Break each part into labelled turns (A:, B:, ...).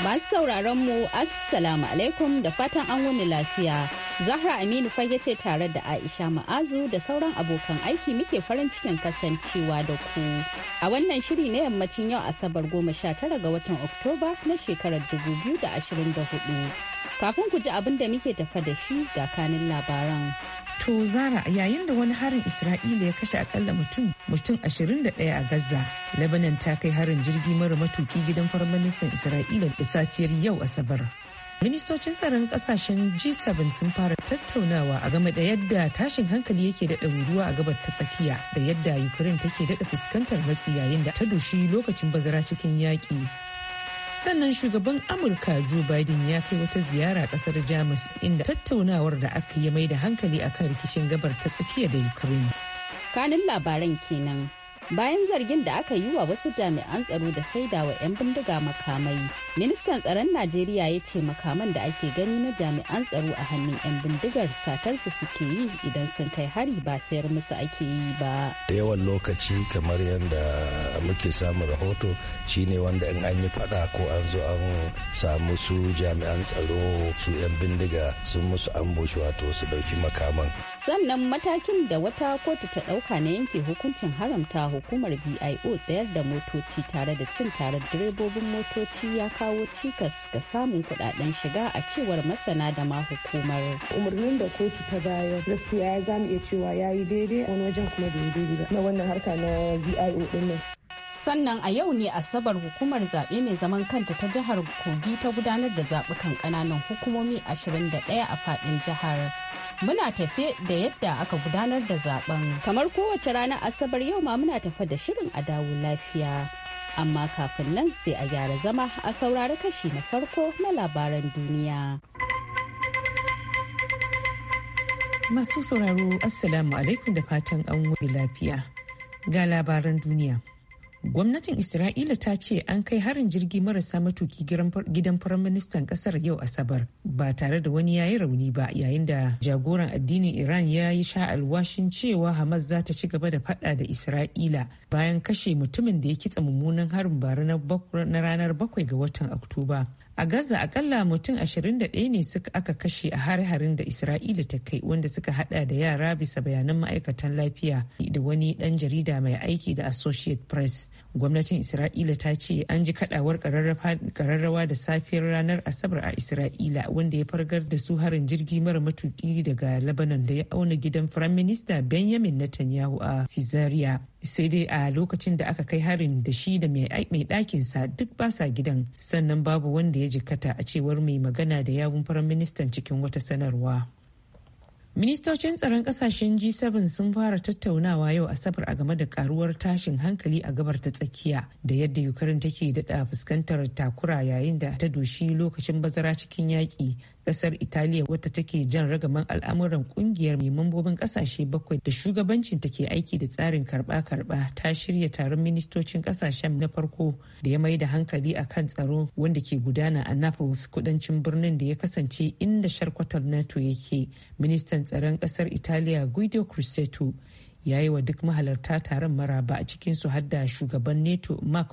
A: Masu sauraron mu Assalamu alaikum da fatan an wuni lafiya. Zahra Aminu fage ce tare da Aisha Ma'azu da sauran abokan aiki muke farin cikin kasancewa da ku. A wannan shiri na yammacin yau Asabar goma sha tara ga watan Oktoba na shekarar dubu biyu da ashirin da hudu Kafin ku ji abin da muke tafa da shi ga kanin labaran. To Zara
B: yayin da wani harin Isra'ila ya kashe akalla mutum mutum 21 a Gaza, Lebanon ta kai harin jirgi mara matuki gidan Firaministan Isra'ila da safiyar yau Asabar. Ministocin tsaron kasashen G7 sun fara tattaunawa a game da yadda tashin hankali yake daɗa ruruwa a gabar ta tsakiya da yadda Ukraine take daɗa fuskantar matsi yayin da ta doshi lokacin bazara cikin yaƙi. sannan shugaban amurka joe biden ya kai wata ziyara kasar jamus inda tattaunawar da aka yi mai da hankali akan rikicin gabar ta tsakiya da ukraine
A: kanin labaran kenan bayan zargin da aka yi wa wasu jami'an tsaro da wa 'yan bindiga makamai ministan tsaron najeriya ya ce makaman da ake gani na jami'an tsaro a hannun 'yan bindigar satarsu suke yi idan sun kai hari ba sayar musu ake yi ba
C: da yawan lokaci kamar yadda muke samun rahoto shine wanda in an yi fada ko an zo an samu su jami'an tsaro su 'yan bindiga sun musu ambushi wato su dauki makaman
A: sannan matakin da wata kotu ta ɗauka na yanke hukuncin haramta hukumar bio tsayar da motoci tare da cin tare direbobin motoci ya kawo cikas ga samun kudaden shiga a cewar masana da ma hukumar umarnin da kotu ta bayar gaskiya ya zamu iya cewa ya yi daidai wani wajen kuma da daidai na wannan harka na bio din nan sannan a yau ne asabar hukumar zaɓe mai zaman kanta ta jihar kogi ta gudanar da zaɓukan ƙananan hukumomi 21 a faɗin jihar muna tafe da yadda aka gudanar da zaben. Kamar kowace ranar Asabar yau ma muna tafe da shirin a dawo lafiya. Amma kafin nan sai a gyara zama a saurari kashi na farko na labaran
B: duniya. Masu sauraro Assalamu alaikum da fatan an wuri lafiya. Ga labaran duniya. Gwamnatin Isra'ila ta ce an kai harin jirgi marasa matuki gidan firaministan kasar yau Asabar ba tare da wani yayi rauni ba yayin da jagoran addinin Iran ya yi sha'alwashin cewa Hamas za ta ci gaba da fada da Isra'ila bayan kashe mutumin da ya kitsa mummunan harin bara na ranar bakwai ga watan Oktoba. a gaza akalla mutum 21 ne suka aka kashe a har-harin da isra'ila ta kai wanda suka hada da yara bisa bayanan ma'aikatan lafiya da wani dan jarida mai aiki da associate press gwamnatin isra'ila ta ce an ji kadawar kararrawa da safiyar ranar asabar a isra'ila wanda ya fargar da su harin jirgi mara matuki daga lebanon da ya auna gidan firayim minista benjamin netanyahu a cesaria sai dai a lokacin da aka kai harin da shi da mai ɗakinsa duk ba sa gidan sannan babu wanda ya jikkata a cewar mai magana da yawun firaministan cikin wata sanarwa. Ministocin tsaron kasashen G7 sun fara tattaunawa yau Asabar a game da karuwar tashin hankali a gabar ta tsakiya da yadda Ukraine take daɗa fuskantar takura yayin da ta doshi lokacin bazara cikin yaƙi. ƙasar Italiya wata take jan ragaman al'amuran ƙungiyar mai mambobin ƙasashe bakwai da shugabancin take aiki da tsarin karɓa-karɓa ta shirya taron ministocin kasashen na farko da ya mai da hankali a kan tsaro wanda ke gudana a Naples kudancin birnin da ya kasance inda sharkwatar NATO yake. Ministan ministan tsaron kasar italiya guido crusetto ya yi wa duk mahalarta taron maraba a cikin su hadda shugaban neto mark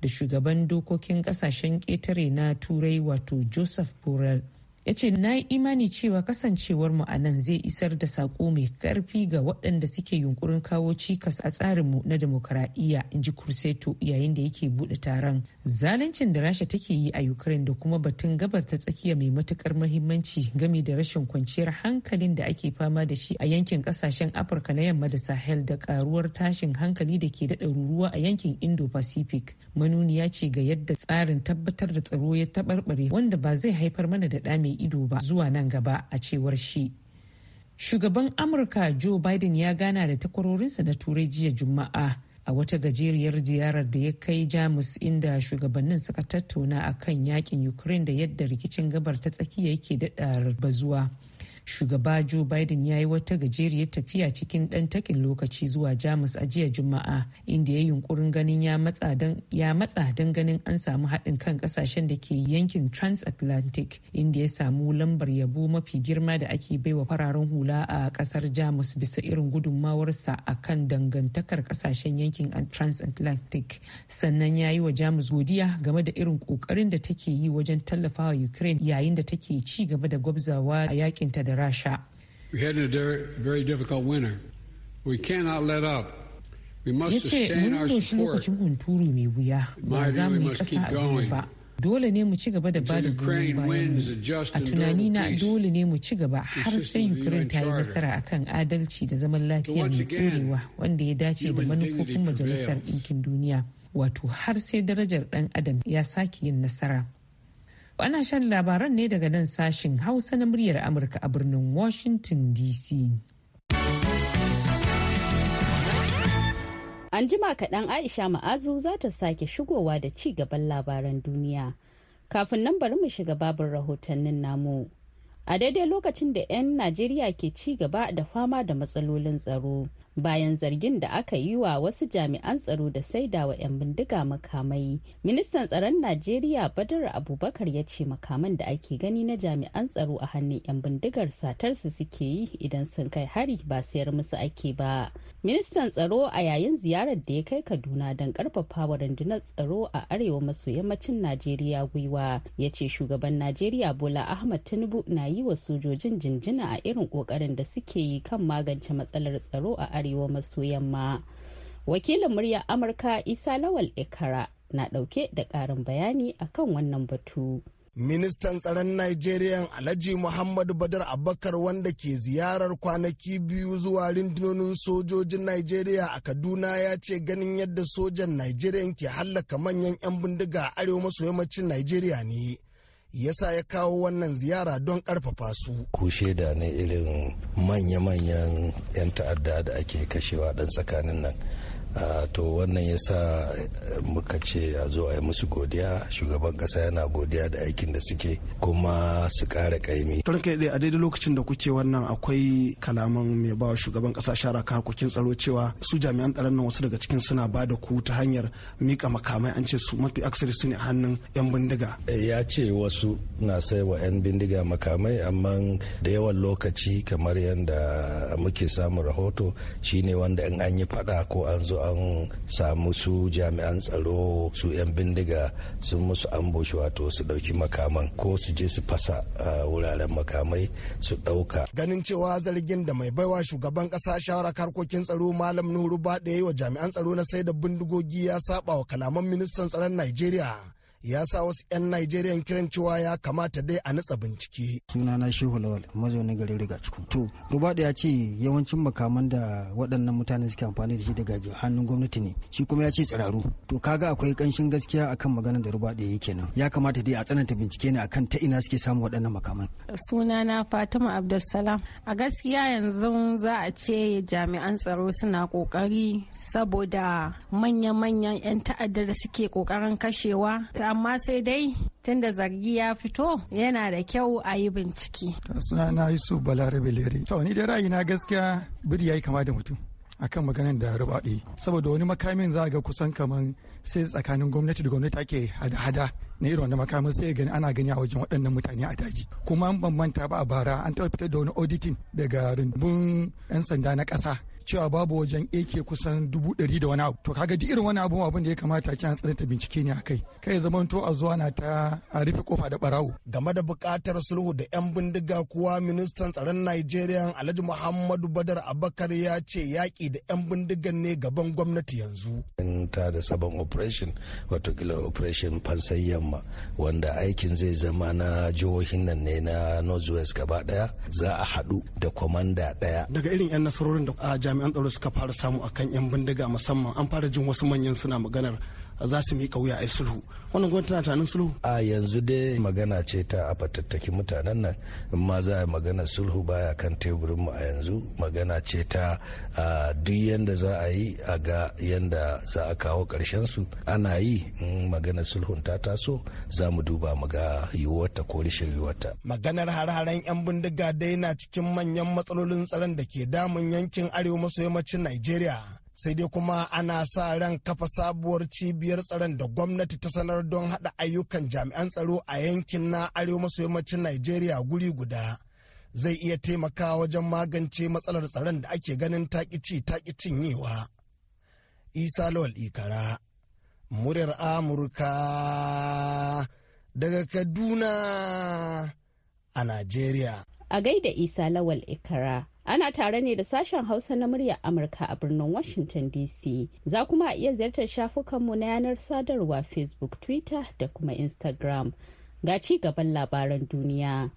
B: da shugaban dokokin kasashen ketare na turai wato joseph borrell ya ce na yi imani cewa kasancewar mu a nan zai isar da saƙo mai ƙarfi ga waɗanda suke yunkurin kawo cikas a tsarinmu na demokaradiyya in ji kurseto yayin da yake buɗe taron zaluncin da rasha take yi a ukraine da kuma batun gabar ta tsakiya mai matukar mahimmanci game da rashin kwanciyar hankalin da ake fama da shi a yankin ƙasashen afirka na yamma da sahel da karuwar tashin hankali da ke daɗa ruruwa a yankin indo-pacific manuniya ce ga yadda tsarin tabbatar da tsaro ya taɓarɓare wanda ba zai haifar mana da ɗame mai ido ba zuwa nan gaba a cewar shi shugaban amurka joe biden ya gana da takwarorinsa na turai jiya juma'a a wata gajeriyar ziyarar da ya kai jamus inda shugabannin suka tattauna a kan yakin ukraine da yadda rikicin gabar ta tsakiya yake daɗa bazuwa shugaba joe biden ya yi wata gajeriyar tafiya cikin ɗan takin lokaci zuwa jamus a jiya juma'a inda ya yunkurin ganin ya matsa don ganin an samu haɗin kan ƙasashen da ke yankin transatlantic inda ya samu lambar yabo mafi girma da ake baiwa fararen hula a ƙasar jamus bisa irin gudunmawarsa a kan dangantakar ƙasashen yankin transatlantic sannan ya yi wa jamus godiya game da irin ƙoƙarin da take yi wajen tallafawa ukraine yayin da take ci gaba da gwabzawa a yakinta da rasha
D: ya ce mun doshi lokacin
B: hunturu mai wuya ba za mu yi ƙasa a ba dole ne mu ci gaba da ba goyon bayan
E: a tunani na
B: dole ne mu ci gaba har sai ukraine ta yi nasara akan adalci da zaman lafiya mai korewa wanda ya dace da manufofin majalisar ɗinkin duniya wato har sai darajar ɗan adam ya sake yin nasara Ana shan labaran ne daga nan sashin Hausa na muryar Amurka a birnin Washington DC.
A: An jima kaɗan Aisha Ma'azu za ta sake shigowa da ci gaban labaran duniya. Kafin nan bari mu shiga babin rahotannin namu. A daidai lokacin da 'yan Najeriya ke ci gaba da fama da matsalolin tsaro. bayan zargin da aka yi wa wasu jami'an tsaro da saida wa 'yan bindiga makamai. Ministan tsaron Najeriya Badar Abubakar ya ce makaman da ake gani na jami'an tsaro a hannun 'yan bindigar satar su suke yi idan sun kai hari ba sayar musu ake ba. Ministan tsaro a yayin ziyarar da ya kai Kaduna don karfafa wa rundunar tsaro a arewa maso yammacin Najeriya gwiwa ya ce shugaban Najeriya Bola Ahmad Tinubu na yi wa sojojin jinjina a irin kokarin da suke yi kan magance matsalar tsaro a arewa arewa maso yamma wakilin murya amurka isa lawal ekara na ɗauke da ƙarin bayani akan wannan batu. ministan
F: tsaron nigeria Alhaji Muhammadu Badar Abakar wanda ke ziyarar kwanaki biyu zuwa rundunonin sojojin nigeria a Kaduna ya ce ganin yadda sojan nigeria ke hallaka manyan 'yan bindiga a arewa maso yammacin nigeria ne. yasa ya kawo wannan ziyara don karfafa su.
C: kushe da ne irin manya-manyan 'yan ta'adda da ake kashewa dan tsakanin nan. to wannan ya sa eh, muka ce a zo a yi musu godiya shugaban kasa yana godiya da aikin da suke kuma su kara kaimi
F: dai a daidai lokacin da kuke wannan akwai kalaman mai bawa shugaban kasa shara ka harkokin tsaro cewa su jami'an tsaron nan wasu daga cikin suna ba da ku ta hanyar mika makamai an ce su mafi aksari su ne a hannun yan bindiga
C: eh, ya ce wasu na sai wa yan bindiga makamai amma da yawan lokaci kamar yadda muke samun rahoto shine wanda in an yi fada ko an zo an samu su jami'an tsaro su 'yan bindiga sun musu ambushi wato su ɗauki makaman ko su je su fasa wuraren makamai su ɗauka. Ganin cewa zargin da mai baiwa shugaban kasa
F: shawarar harkokin tsaro Malam Nuhu yi wa jami'an tsaro na sai da bindigogi ya saba wa kalaman ministan tsaron Najeriya. ya sa wasu 'yan Najeriya kiran cewa ya kamata dai a nutsa bincike. Sunana Shehu Lawal, mazaunin garin Rigacikun. To, Rubadu ya ce yawancin makaman da waɗannan mutane suke amfani da shi daga hannun gwamnati ne. Shi kuma ya ce tsiraru. To, kaga akwai ƙanshin gaskiya akan maganar da Rubadu ya yi kenan. Ya kamata dai a tsananta bincike ne akan ta ina suke samun
G: waɗannan makaman. Sunana Fatima Abdulsalam. A gaskiya yanzu za a ce
A: jami'an tsaro suna ƙoƙari saboda manya-manyan 'yan ta'addar da suke ƙoƙarin kashewa amma sai dai tunda zargi ya fito yana da kyau a yi bincike.
F: suna na yusuf balarabe lere to ni da na gaskiya biri ya yi kama da mutum akan maganin da rubaɗe saboda wani makamin za ga kusan kamar sai tsakanin gwamnati da gwamnati ake hada-hada na irin wani makamin sai gani ana gani a wajen waɗannan mutane a daji kuma an bambanta ba a bara an taɓa fitar da wani auditing daga rumbun 'yan sanda na ƙasa cewa babu wajen AK kusan dubu ɗari da wani abu to kaga duk irin wani abu abin da ya kamata ce an tsananta bincike ne akai kai zaman to a zuwa na ta a rufe kofa da barawo game da buƙatar sulhu da yan bindiga kuwa ministan tsaron Najeriya Alhaji Muhammadu Badar Abakar ya ce yaƙi da yan bindigan ne gaban gwamnati yanzu
C: in ta da sabon operation wato kila operation fansai yamma wanda aikin zai zama na jihohin nan ne na northwest gaba daya za a haɗu da kwamanda daya
F: daga irin yan nasarorin da a jami'an tsaro suka fara samu akan yan bindiga musamman an fara jin wasu manyan suna maganar
C: za su miƙa wuya a sulhu wannan gwamnati tana tunanin sulhu a yanzu dai magana ce ta a fatattaki mutanen nan ma za a magana sulhu baya kan teburin mu a yanzu magana ce ta duk yanda za a yi a ga yanda za a kawo ƙarshen su ana yi in magana sulhun ta taso za mu duba mu ga yiwuwarta ko rashin yiwuwarta
F: maganar har-haren 'yan bindiga dai na cikin manyan matsalolin tsaron da ke damun yankin arewa maso yammacin Najeriya. sai dai kuma ana sa ran kafa sabuwar cibiyar tsaron da gwamnati ta sanar don haɗa ayyukan jami'an tsaro a yankin na arewa maso yammacin Najeriya guri guda. Zai iya taimakawa wajen magance matsalar tsaron da ake ganin takici takicin cinyewa. Isa Lawal Ikara, muryar Amurka daga Kaduna
A: a Najeriya. A gaida Isa Lawal Ikara. Ana tare ne da sashen Hausa na muryar Amurka a birnin Washington DC. Za kuma a iya ziyartar shafukanmu na yanar sadarwa Facebook, Twitter da kuma Instagram. Ga ci gaban labaran duniya.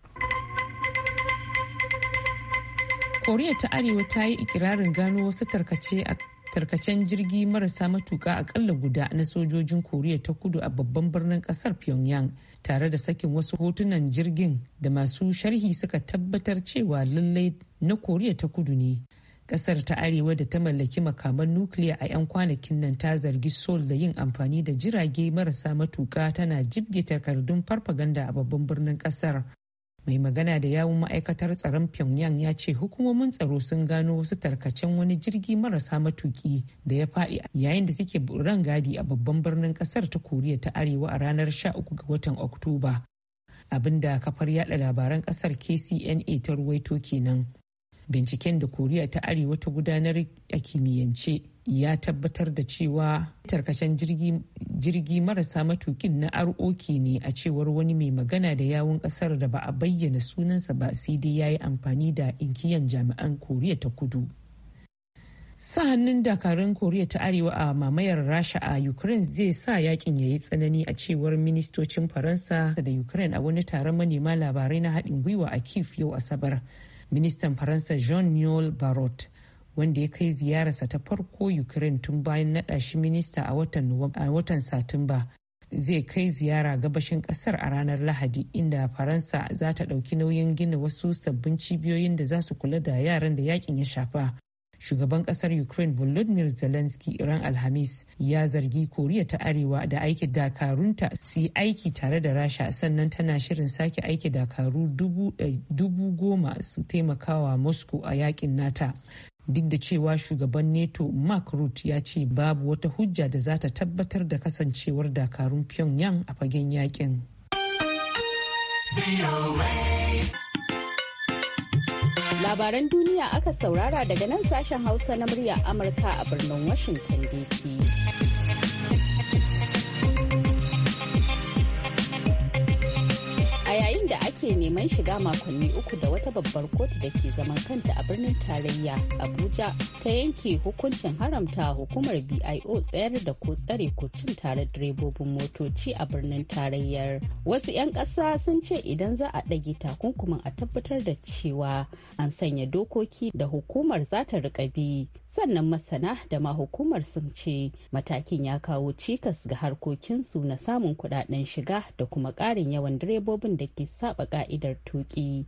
B: Koriya ta Arewa ta yi ikirarin gano wasu tarkace a tarkacen jirgi marasa matuka akalla guda na sojojin koriya ta kudu a babban birnin kasar pyongyang tare da sakin wasu hotunan jirgin da masu sharhi suka tabbatar cewa lallai na koriya ta kudu ne kasar ta arewa da ta mallaki makaman nukiliya a 'yan kwanakin nan ta zargi sol da yin amfani da jirage marasa matuka tana jibge takardun farfaganda a babban birnin kasar mai magana da yawun ma'aikatar tsaron pyongyang ya ce hukumomin tsaro sun gano wasu tarkacen wani jirgi marasa matuki da ya faɗi yayin da suke rangadi a babban birnin kasar ta koriya ta arewa a ranar 13 ga watan oktoba abinda kafar yada labaran kasar kcna ta ruwaito kenan binciken da koriya ta arewa ta gudanar a kimiyyance ya tabbatar da cewa tarkacen jirgi marasa matukin na ROK ne a cewar wani mai magana da yawun kasar da ba a bayyana sunansa ba sai dai ya yi amfani da inkiyan jami'an koriya ta kudu sa hannun dakarun koriya ta arewa a mamayar rasha a ukraine zai sa yakin ya yi tsanani a cewar ministocin faransa da ukraine a wani taron manema labarai na haɗin gwiwa a kif yau asabar ministan faransa jean noel barot wanda ya kai ziyararsa ta farko ukraine tun bayan naɗa shi minista a watan satumba zai kai ziyara gabashin kasar a ranar lahadi inda faransa za ta ɗauki nauyin gina wasu sabbin cibiyoyin da za su kula da yaran da yakin ya shafa shugaban kasar ukraine volodymyr zelensky iran alhamis ya zargi koriya ta arewa da aiki dakarunta su yi aiki tare da rasha sannan tana shirin sake aiki dakaru dubu goma su taimakawa moscow a yakin nata duk da cewa shugaban neto mark root ya ce babu wata hujja da za ta tabbatar da kasancewar dakarun pyongyang a fagen yakin
A: labaran duniya aka saurara
B: daga nan sashen
A: hausa na murya amurka a birnin washington dc a yayin yayin ake neman shiga makonni uku da wata babbar kotu da ke zaman kanta a birnin tarayya abuja ta yanke hukuncin haramta hukumar bio tsayar da ko tsare ko cin tare direbobin motoci a birnin tarayyar wasu 'yan ƙasa sun ce idan za a ɗage takunkumin a tabbatar da cewa an sanya dokoki da hukumar za ta rika bi sannan masana da ma hukumar sun ce matakin ya kawo cikas ga harkokinsu na samun kudaden shiga da kuma ƙarin yawan direbobin da ke saba ka'idar tuki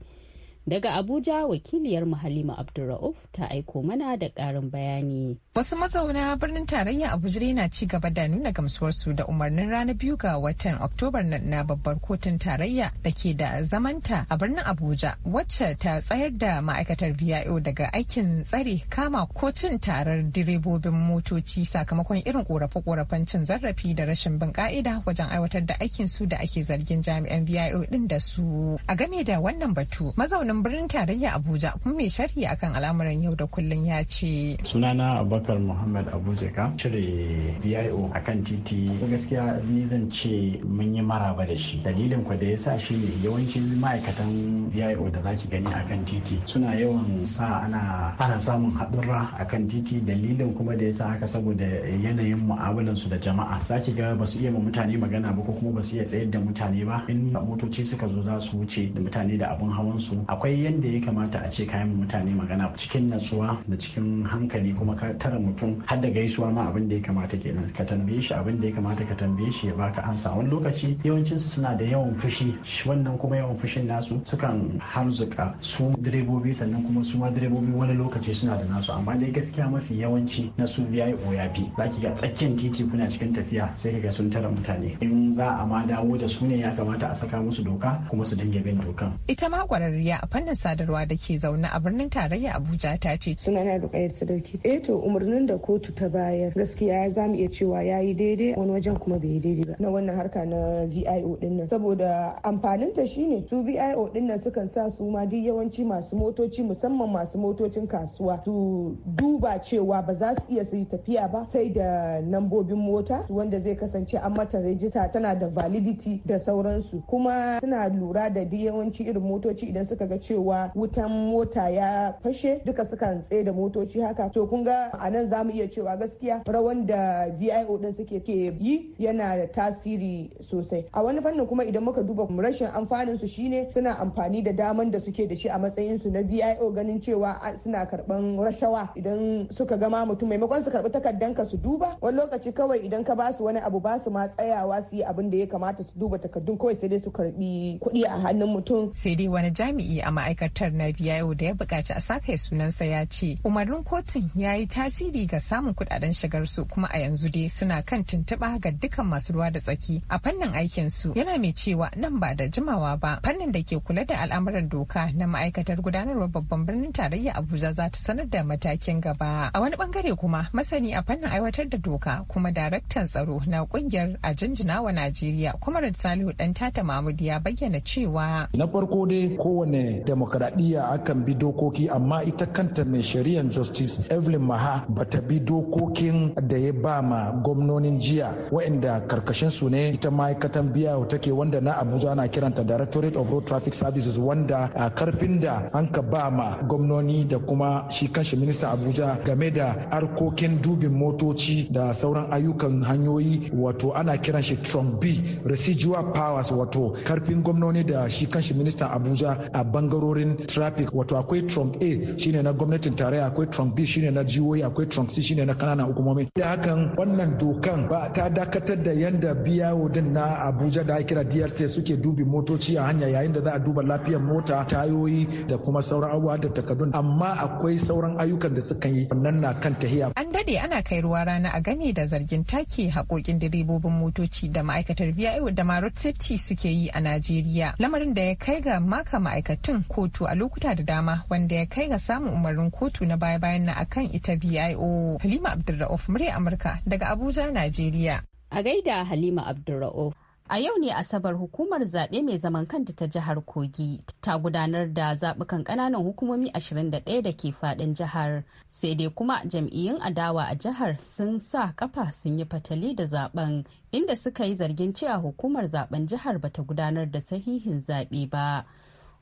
A: Daga Abuja wakiliyar Halima Abdulra'uf ta aiko mana da ƙarin bayani.
G: Wasu mazauna birnin tarayya Abuja na ci gaba da nuna gamsuwarsu da umarnin ranar biyu ga watan Oktobar na babbar kotun tarayya da ke da zamanta a birnin Abuja wacce ta tsayar da ma'aikatar VIO daga aikin tsare kama ko cin tarar direbobin motoci sakamakon irin korafe-korafen cin zarafi da rashin bin ka'ida wajen aiwatar da aikin su da ake zargin jami'an VIO ɗin da su. A game da wannan batu mazaunin mazaunin birnin tarayya Abuja kuma mai sharhi akan al'amuran yau da kullum ya ce.
E: Sunana Abubakar Muhammad Abuja ka cire BIO akan titi gaskiya ni zan ce mun yi maraba da shi. Dalilin ku da ya sa shi ne yawancin ma'aikatan BIO da zaki gani akan titi suna yawan sa ana ana samun haɗurra kan titi dalilin kuma da yasa haka saboda yanayin mu'amalan su da jama'a zaki ga ba su iya ma mutane magana ba ko kuma ba su iya tsayar da mutane ba in motoci suka zo za su wuce da mutane da abun hawan su akwai akwai yadda ya kamata a ce kayan mutane magana cikin natsuwa da cikin hankali kuma ka tara mutum har da gaisuwa ma abin da ya kamata kenan ka tambaye shi abin da ya kamata ka tambaye shi ya baka ansa wani lokaci yawancin su suna da yawan fushi wannan kuma yawan fushin nasu sukan harzuka su direbobi sannan kuma su ma direbobi wani lokaci suna da nasu amma dai gaskiya mafi yawanci na su biya o ya bi zaki ga tsakiyar titi kuna cikin tafiya sai ka ga sun tara mutane in za a ma dawo da su ne ya kamata a saka musu doka kuma su dinga bin dokan
G: ita ma kwararriya fannin sadarwa da ke zaune a birnin tarayya Abuja ta ce. suna na da kayar Sadauki.
A: Eh to umarnin da kotu ta bayar gaskiya za mu iya cewa ya yi daidai wani wajen kuma bai yi daidai ba. Na wannan harka na VIO din nan. Saboda amfanin ta shine su VIO din nan sukan sa su ma duk yawanci masu motoci musamman masu motocin kasuwa su duba cewa ba za su iya su yi tafiya ba sai da nambobin mota wanda zai kasance an mata rejista tana da validity da sauransu kuma suna lura da duk yawanci irin motoci idan suka ga cewa wutan mota ya fashe duka sukan tsaye da motoci haka to kun ga a nan za mu iya cewa gaskiya rawan da GIO din suke ke yi yana da tasiri sosai a wani fannin kuma idan muka duba rashin amfanin su shine suna amfani da daman da suke da shi a matsayin su na GIO ganin cewa suna karban rashawa idan suka gama mutum maimakon su karbi ka su duba wani lokaci kawai idan ka basu wani abu basu ma
G: tsayawa su yi abin da ya kamata su duba takardun kawai sai dai su karbi kuɗi a hannun mutum sai dai wani jami'i a ma'aikatar na biya yau da ya buƙaci a saka ya sunansa ya ce umarnin kotun ya yi tasiri ga samun kuɗaɗen shigar su kuma a yanzu dai suna kan tuntuɓa ga dukkan masu ruwa da tsaki a fannin aikin su yana mai cewa nan ba da jimawa ba fannin da ke kula da al'amuran doka na ma'aikatar gudanarwar babban birnin tarayya Abuja za ta sanar da matakin gaba a wani bangare kuma masani a fannin aiwatar da doka kuma daraktan tsaro na kungiyar a wa Najeriya kuma Salihu dan tata Mahmud ya bayyana cewa
D: na farko
H: dai kowane demokradiyya akan bi dokoki amma ita kanta mai shari'an justice evelyn maha ba ta bi dokokin da ya ba ma gwamnonin jiya waɗanda karkashin su ne ita ma'aikatan biya take wanda na abuja na kiranta directorate of road traffic services wanda a karfin da an ka ba ma gwamnoni da kuma shi kanshi minista abuja game da harkokin dubin motoci da sauran ayyukan hanyoyi wato ana kiran shi trump b residual powers wato karfin gwamnoni da shi kanshi Minista abuja a bangarorin traffic wato akwai trunk a shine na gwamnatin tarayya akwai trunk b shine na jihohi akwai trunk c shine na kananan hukumomi da hakan wannan dokan ba ta dakatar da yanda biyawo din na abuja da kira drt suke dubi motoci a hanya yayin da za a duba lafiyar mota tayoyi da kuma sauran abubuwa da takardun amma akwai sauran ayyukan da suka yi wannan na kan tahiya
G: an dade ana kai ruwa rana a game da zargin take haƙoƙin direbobin motoci da ma'aikatar biyawo da ma safety suke yi a najeriya lamarin da ya kai ga maka ma'aikatan yin kotu a lokuta da dama wanda ya kai ga samun umarnin kotu na baya-bayan na akan ita bio Halima Abdulra'uf murya Amurka daga Abuja, Najeriya. A gaida
A: Halima Abdulra'uf. A yau ne Asabar hukumar zaɓe mai zaman kanta ta jihar Kogi ta gudanar da zaɓukan ƙananan hukumomi 21 da ke faɗin jihar. Sai dai kuma jam'iyyun adawa a jihar sun sa kafa sun yi fatali da zaɓen inda suka yi zargin cewa hukumar zaɓen jihar bata gudanar da sahihin zaɓe ba.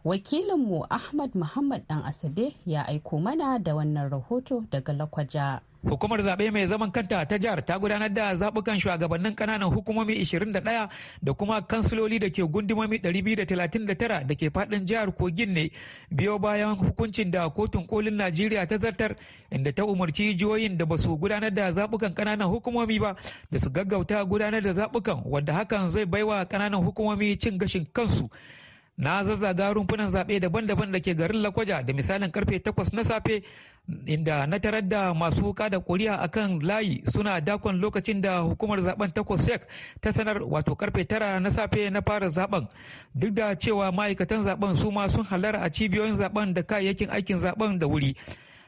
A: wakilinmu ahmad muhammad dan asabe ya aiko mana da wannan rahoto daga lakwaja
I: Hukumar zaɓe mai zaman kanta ta jihar ta gudanar da zaɓukan shugabannin ƙananan hukumomi 21 da kuma kansiloli da ke gundumomi 239 da ke faɗin jihar Kogin ne biyo bayan hukuncin da kotun kolin Najeriya ta zartar inda ta umarci jihohin da ba su gudanar da zaɓukan ƙananan hukumomi ba da su gaggauta gudanar da zaɓukan wadda hakan zai baiwa ƙananan hukumomi cin gashin kansu. na zazzaga rumfunan zaɓe daban-daban da ke garin lakwaja da misalin karfe 8 na safe inda na tarar da masu kada a kan layi suna dakon lokacin da hukumar zaben takwas ta sanar wato karfe 9 na safe na fara zaben duk da cewa ma'aikatan zaben su ma sun halara a cibiyoyin zaben da kayayyakin aikin zaben da wuri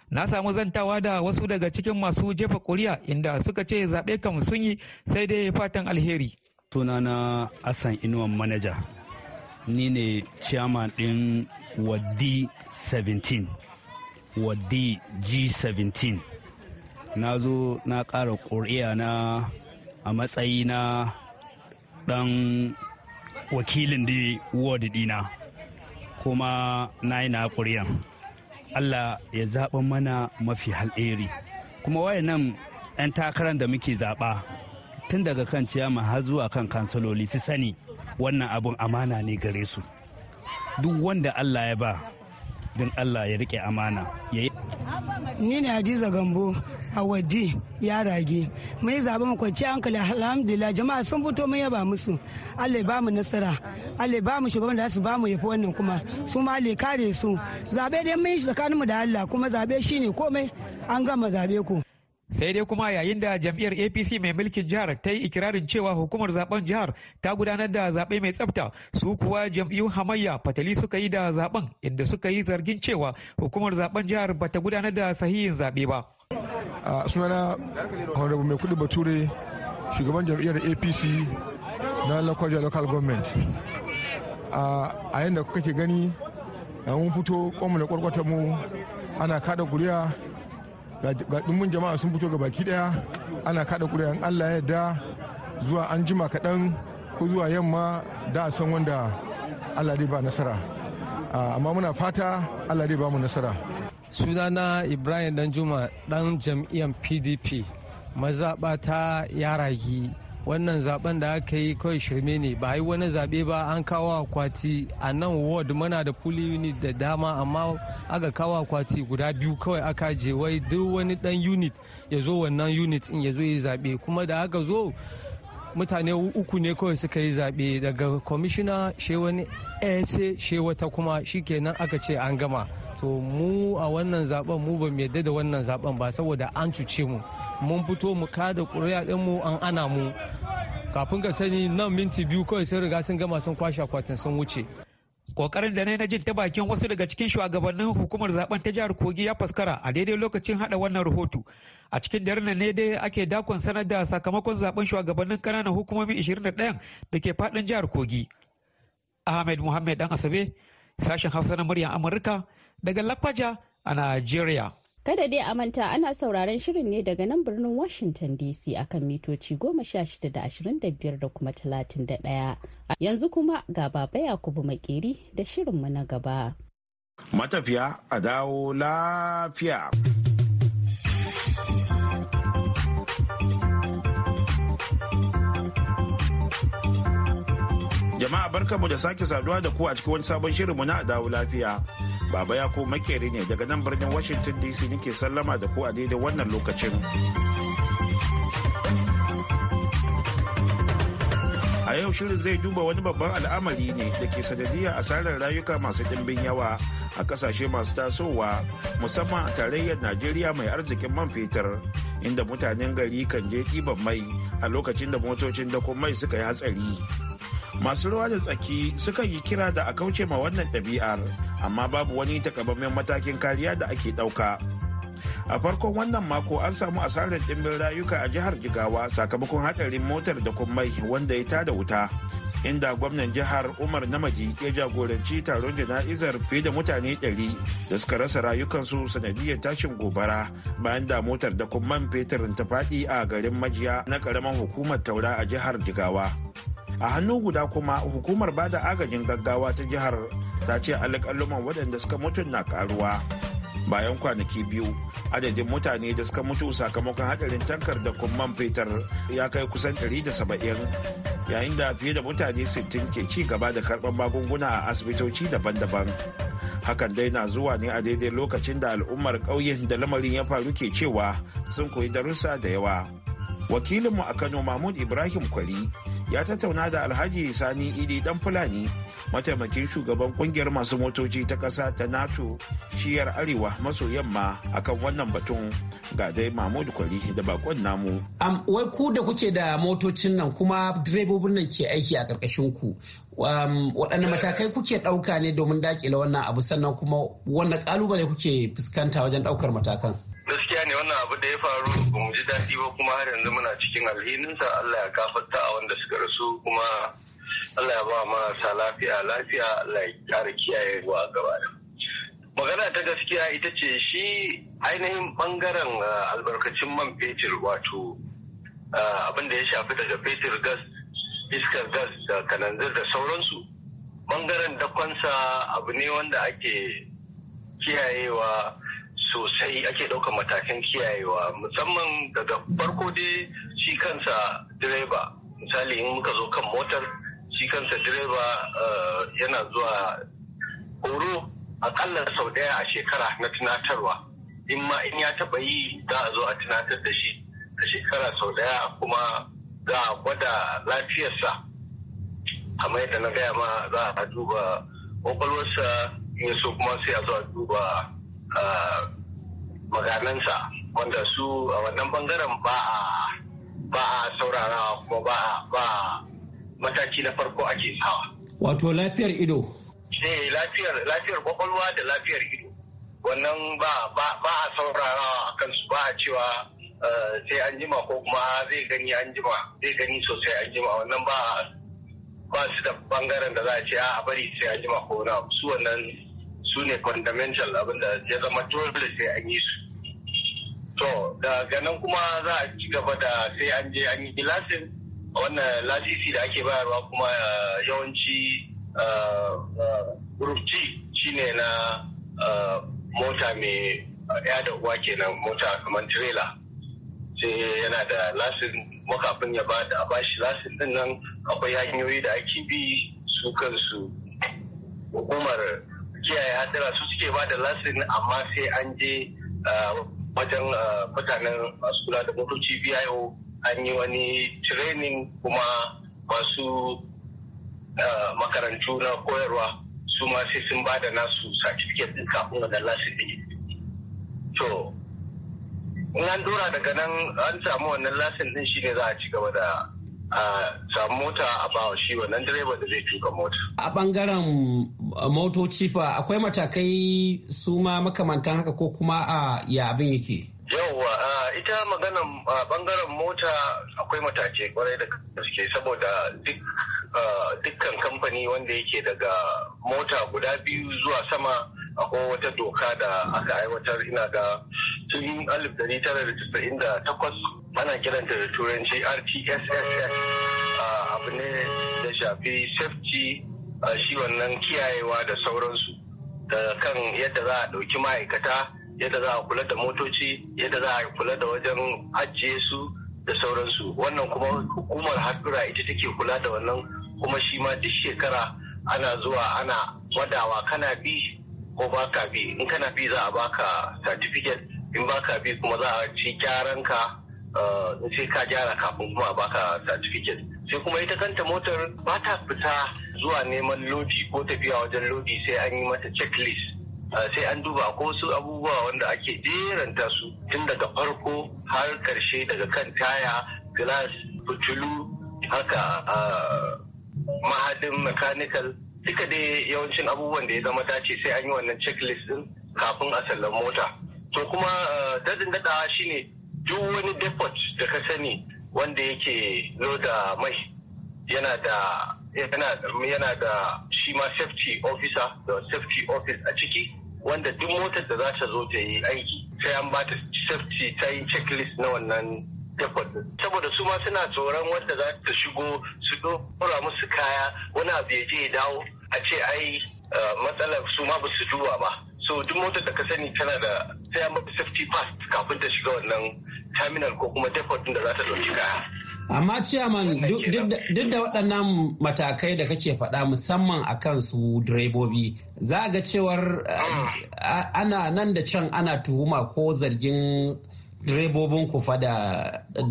I: na samu zantawa da wasu daga cikin masu jefa kuri'a inda suka ce zaɓe kam sun yi sai dai fatan alheri sunana asan inuwan manaja ni ne chairman ɗin
D: wadi 17 wadi g17 na zo na ƙara ƙuri'a na a matsayi na ɗan wakilin da ward dina kuma na yi na ƙuri'an allah ya zaɓa mana mafi hal'eri kuma waye nan 'yan takarar da muke zaɓa tun daga kan ciyama har zuwa kan kansaloli su sani wannan abun amana ne gare su duk wanda allah ya ba don allah ya rike amana ya yi
I: ni ne hadiza gambo a waje ya rage mai zaɓen makwanci hankali alhamdulillah jama'a sun fito mun yaba musu allah ba mu nasara allah ba mu shugaban da su ba mu yafi wannan kuma su ma le kare su zaɓe dai mun yi tsakaninmu da allah kuma zaɓe shi ne komai an gama zaɓe ku sai dai kuma yayin da jam'iyyar apc mai mulkin jihar ta yi ikirarin cewa hukumar zaben jihar ta gudanar da zaɓe mai tsafta su kuwa jam'iyyun hamayya fatali suka yi da zaben inda suka yi zargin cewa hukumar zaben jihar ba ta gudanar da sahihin zaɓe ba
F: a sunana honorable mai kudi bature shugaban jam'iyyar apc na local government a yadda kuka ke gani mun fito kwamu da mu ana kada guriya. ga dimmin jama'a sun fito ga baki daya ana kada kuri'an allah da zuwa an jima kaɗan ko zuwa yamma da a san wanda allah dai ba nasara amma muna fata allah dai ba mu nasara
I: sunana ibrahim danjuma dan jam'iyyar pdp mazaɓa ta yaragi wannan zaben da aka yi kawai shirme ne ba yi wani zaɓe ba an kawo akwati a nan ward muna da puli unit da dama amma aka kawo akwati guda biyu kawai aka je wai duk wani dan unit ya zo wannan unit in ya zo yi zaɓe kuma da aka zo mutane uku ne kawai suka yi zaɓe daga kwamishina she wani ese she wata kuma shikenan aka ce an gama to mu a wannan zaben mu ba mu yadda da wannan zaben ba saboda an cuce mu mun fito mu kada ƙuri'a mu an ana mu kafin ka sani nan minti biyu kawai sai riga sun gama sun kwashe akwatin sun wuce kokarin da na jin ta bakin wasu daga cikin shugabannin hukumar zaben ta jihar kogi ya faskara a daidai lokacin hada wannan rahoto a cikin daren ne dai ake dakon sanar da sakamakon zaben shugabannin kananan hukumomi 21 da ke fadin jihar kogi ahmed muhammed dan asabe sashen hausa na muryar amurka daga lakwaja a nigeria
A: Kada dai a manta ana sauraron shirin ne daga nan birnin Washington DC akan mitoci goma sha shida da ashirin da biyar da kuma talatin da ɗaya. Yanzu kuma ga baba Yakubu Makeri da shirinmu na gaba.
H: Matafiya a dawo lafiya. Jama'a barkamu da sake saduwa da ku a cikin wani sabon shirinmu na dawo lafiya. Baba ya ko makeri ne daga nan birnin Washington DC nake sallama da ku a daidai wannan lokacin. A yau shirin zai duba wani babban al'amari ne da ke sanadiyar asarar rayuka masu dimbin yawa a kasashe masu tasowa musamman a tarayyar Najeriya mai arzikin man fetur inda mutanen gari kan je ɗiban mai a lokacin da motocin dako mai suka yi hatsari. masu ruwa da tsaki sukan yi kira da a kauce ma wannan ɗabi'ar amma babu wani takamaiman matakin kariya da ake ɗauka a farkon wannan mako an samu asarar ɗimbin rayuka a jihar jigawa sakamakon haɗarin motar da kummai wanda ya tada wuta inda gwamnan jihar umar namaji ya jagoranci taron jana'izar fiye da mutane 100 da suka rasa rayukansu sanadiyar tashin gobara bayan da motar da kumman fetur ta faɗi a garin majiya na ƙaramin hukumar taura a jihar jigawa a hannu guda kuma hukumar bada agajin gaggawa ta jihar ta ce alƙalluman waɗanda suka mutu na karuwa bayan kwanaki biyu adadin mutane da suka mutu sakamakon hadarin tankar da kumman fetur ya kai kusan 170 yayin da fiye da mutane 60 ke ci gaba da karɓar magunguna a asibitoci daban-daban hakan dai na zuwa ne a daidai lokacin da al'ummar ƙauyen da lamarin ya faru ke cewa sun koyi darussa da yawa wakilinmu a kano mahmud ibrahim kwali ya tattauna da alhaji sani idi dan fulani mataimakin shugaban kungiyar masu motoci ta ƙasa ta nato shiyar arewa maso yamma akan wannan batun ga dai mahmud kwali da bakon namu
D: wai ku da kuke da motocin nan kuma direbobin nan ke aiki a ƙarƙashin ku waɗanne matakai kuke ɗauka ne domin daƙile wannan abu sannan kuma wannan ƙalubale kuke fuskanta wajen ɗaukar matakan gaskiya
J: ne wannan abu da ya faru ba mu ji daɗi ba kuma har yanzu muna cikin alhininsa Allah ya gafarta a wanda suka rasu kuma Allah ya ba marasa lafiya lafiya Allah ya ƙara kiyaye wa gaba da magana ta gaskiya ita ce shi ainihin bangaren ah, albarkacin man fetur wato ah, abin da ya shafi daga fetur gas iskar gas da kananzir da sauransu bangaren dakonsa abu ne wanda ake kiyayewa sosai ake ɗaukar matakan kiyayewa musamman daga farko dai shi kansa direba misali in muka zo kan motar shi kansa direba eh, yana zuwa horo akalla sau ɗaya a shekara na tunatarwa in ma in ya taɓa yi za a zo a tunatar da shi a shekara sau ɗaya kuma za a gwada lafiyarsa kamar yadda na gaya ma za a duba ƙwaƙwalwarsa in so kuma sai a zo a duba eh, Maganansa, wanda su a wannan bangaren ba a ba a saurarawa kuma ba ba mataki na farko ake sawa.
D: Wato lafiyar ido?
J: Eh lafiyar lafiyar kwakwalwa da lafiyar ido. Wannan ba ba ba a saurara a kansu ba a cewa eh, sai an jima ko kuma zai gani an jima zai gani sosai an jima wannan ba ba su da bangaren da za a ce a bari sai an jima ko na su wannan su ne fundamental abinda ya zama dole sai an yi su to da ganin kuma za a ci gaba da sai an je an yi lasin wannan lasisi da ake bayarwa kuma eh, yawanci eh, eh, group G shine na mota mai ya da uwa kenan mota kamar trela sai yana da lasin makafin ya ba da bashi lasin din nan akwai hanyoyi da ake bi su kansu hukumar kiyaye hadara su suke ba da lasin amma sai an je wajen mutanen masu kula da motoci biyo an yi wani training kuma masu makarantu na koyarwa su ma sai sun ba da nasu certificate din kafin da lasin din to in an dora daga nan an samu wannan lasin din shine za a ci gaba da a samu mota a bawa shi wannan direba da zai tuka mota.
D: A bangaren uh, motoci fa uh, akwai matakai su ma makamantan haka ko kuma a uh, ya abin yake?
J: Yawwa ita a bangaren mota akwai matakai kwarai da gaske saboda dukkan kamfani wanda yake daga mota guda biyu zuwa sama akwai wata doka da aka aiwatar ina ga tun 1998 ana kiranta da turanci rtss ah, abu ne da shafi safety ah, shi wannan kiyayewa da sauransu da kan yadda za a ɗauki ma'aikata yadda za a kula da motoci yadda za a kula da wajen ajiye su da sauransu wannan kuma hukumar haɗura ita take kula da wannan kuma shi ma duk shekara ana zuwa ana wadawa kana bi ko baka bi in kana bi za a baka certificate in baka bi kuma za a ci gyaran Eh, sai ka gyara kafin kuma baka certificate sai kuma ita kanta motar ba ta fita zuwa neman lodi ko tafiya wajen lodi sai an yi mata checklist eh, sai an duba ko su abubuwa wanda ake jeranta su tun daga farko har karshe daga kan taya glass fitilu haka eh, mahadin mechanical duka dai yawancin abubuwan da ya zama dace sai an yi wannan checklist din kafin a sallar mota to kuma dadin dadawa shine duk wani depot da ka sani wanda yake loda mai yana da yana da shi ma safety officer da safety office a ciki wanda duk motar da za ta zo ta yi aiki sai an ba ta safety ta yi checklist na wannan depot saboda su ma suna tsoron wanda za ta shigo su dora musu kaya wani abu ya je ya dawo a ce ai eh, matsalar su ma ba su duba ba so duk motar da ka sani tana da sai an mafi safety pass kafin ta shiga wannan terminal ko kuma depot
D: da za ta dauki kaya amma ciyaman duk da waɗannan matakai da kake faɗa musamman a kan su direbobi za ga cewar eh, ana nan da can ana tuhuma ko zargin direbobin ku fada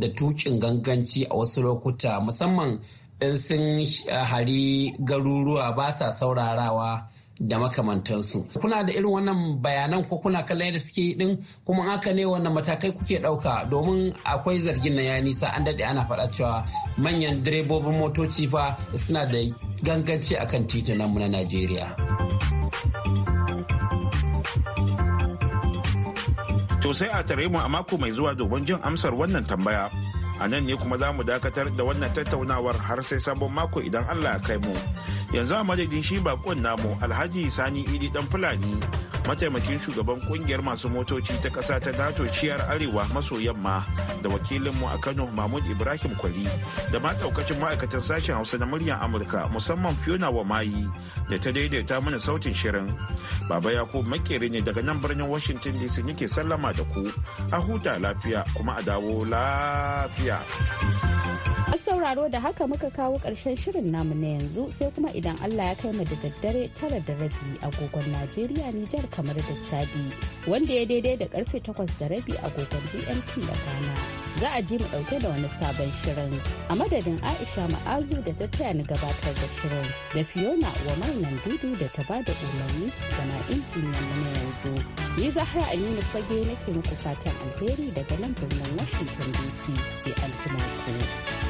D: da tukin ganganci a wasu lokuta musamman in sun eh, hari garuruwa ba sa saurarawa da makamantansu kuna da irin wannan bayanan ko kuna kallon yadda suke din kuma aka ne wannan matakai kuke ɗauka domin akwai zargin na ya nisa an dade ana faɗa cewa manyan direbobin motoci fa suna da ganganci akan mu na najeriya to a tare mu a mako mai zuwa
H: domin jin amsar wannan tambaya a nan ne kuma za mu dakatar da wannan tattaunawar har sai sabon mako idan allah ya kai mu yanzu a madadin shi bakon namu alhaji sani idi dan fulani mataimakin shugaban kungiyar masu motoci ta ƙasa ta gato ciyar arewa maso yamma da wakilinmu a kano mahmud ibrahim kwali da ma daukacin ma'aikatan sashen hausa na muryar amurka musamman fiona wa mayi da ta daidaita mana sautin shirin baba yakub makere ne daga nan birnin washington dc nake sallama da ku a huta lafiya kuma a dawo lafiya lafiya.
A: sauraro da haka muka kawo ƙarshen shirin namu na yanzu sai kuma idan Allah ya kai mu da daddare tara da rabi agogon Najeriya Nijar kamar da Chadi wanda ya daidai da karfe takwas da rabi agogon GMT da Ghana. Za a ji mu ɗauke da wani sabon shirin a madadin Aisha Ma'azu da ta taya ni gabatar da shirin da Fiona wa Mainan Dudu da ta ba da umarni da na injiniyan na yanzu. Ni Zahra Aminu Fage nake muku fatan alheri daga nan birnin Washington DC. al'umma ku.